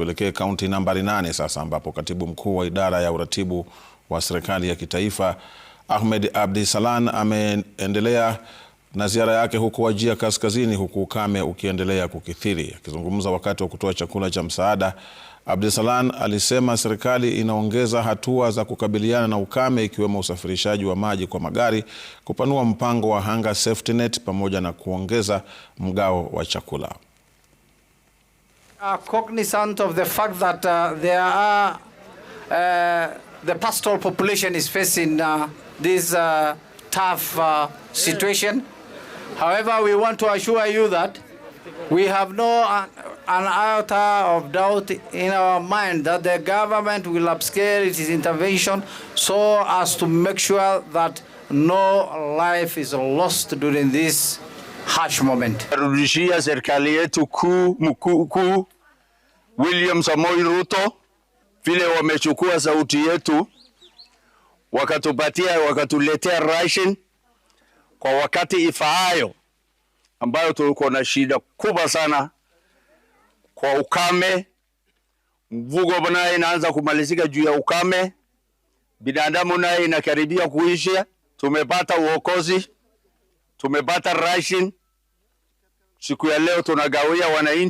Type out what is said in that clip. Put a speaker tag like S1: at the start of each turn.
S1: Tuelekee kaunti nambari nane sasa ambapo katibu mkuu wa idara ya uratibu wa serikali ya kitaifa Ahmed Abdi Salan ameendelea na ziara yake huko Wajir Kaskazini, huku ukame ukiendelea kukithiri. Akizungumza wakati wa kutoa chakula cha msaada, Abdi Salan alisema serikali inaongeza hatua za kukabiliana na ukame, ikiwemo usafirishaji wa maji kwa magari, kupanua mpango wa Hunger Safety Net pamoja na kuongeza mgao wa chakula.
S2: are cognizant of the fact that uh, there are uh, the pastoral population is facing uh, this uh, tough uh, situation. However, we want to assure you that we have no uh, an iota of doubt in our mind that the government will upscale its intervention so as to make sure that no life is lost during this harsh moment.
S3: Narudishia serikali yetu kuu mkuu kuu William Samoei Ruto vile wamechukua sauti yetu wakatupatia wakatuletea ration kwa wakati ifaayo, ambayo tulikuwa na shida kubwa sana kwa ukame. Mvugo naye inaanza kumalizika juu ya ukame, binadamu naye inakaribia kuisha. Tumepata uokozi, tumepata ration siku ya leo tunagawia wananchi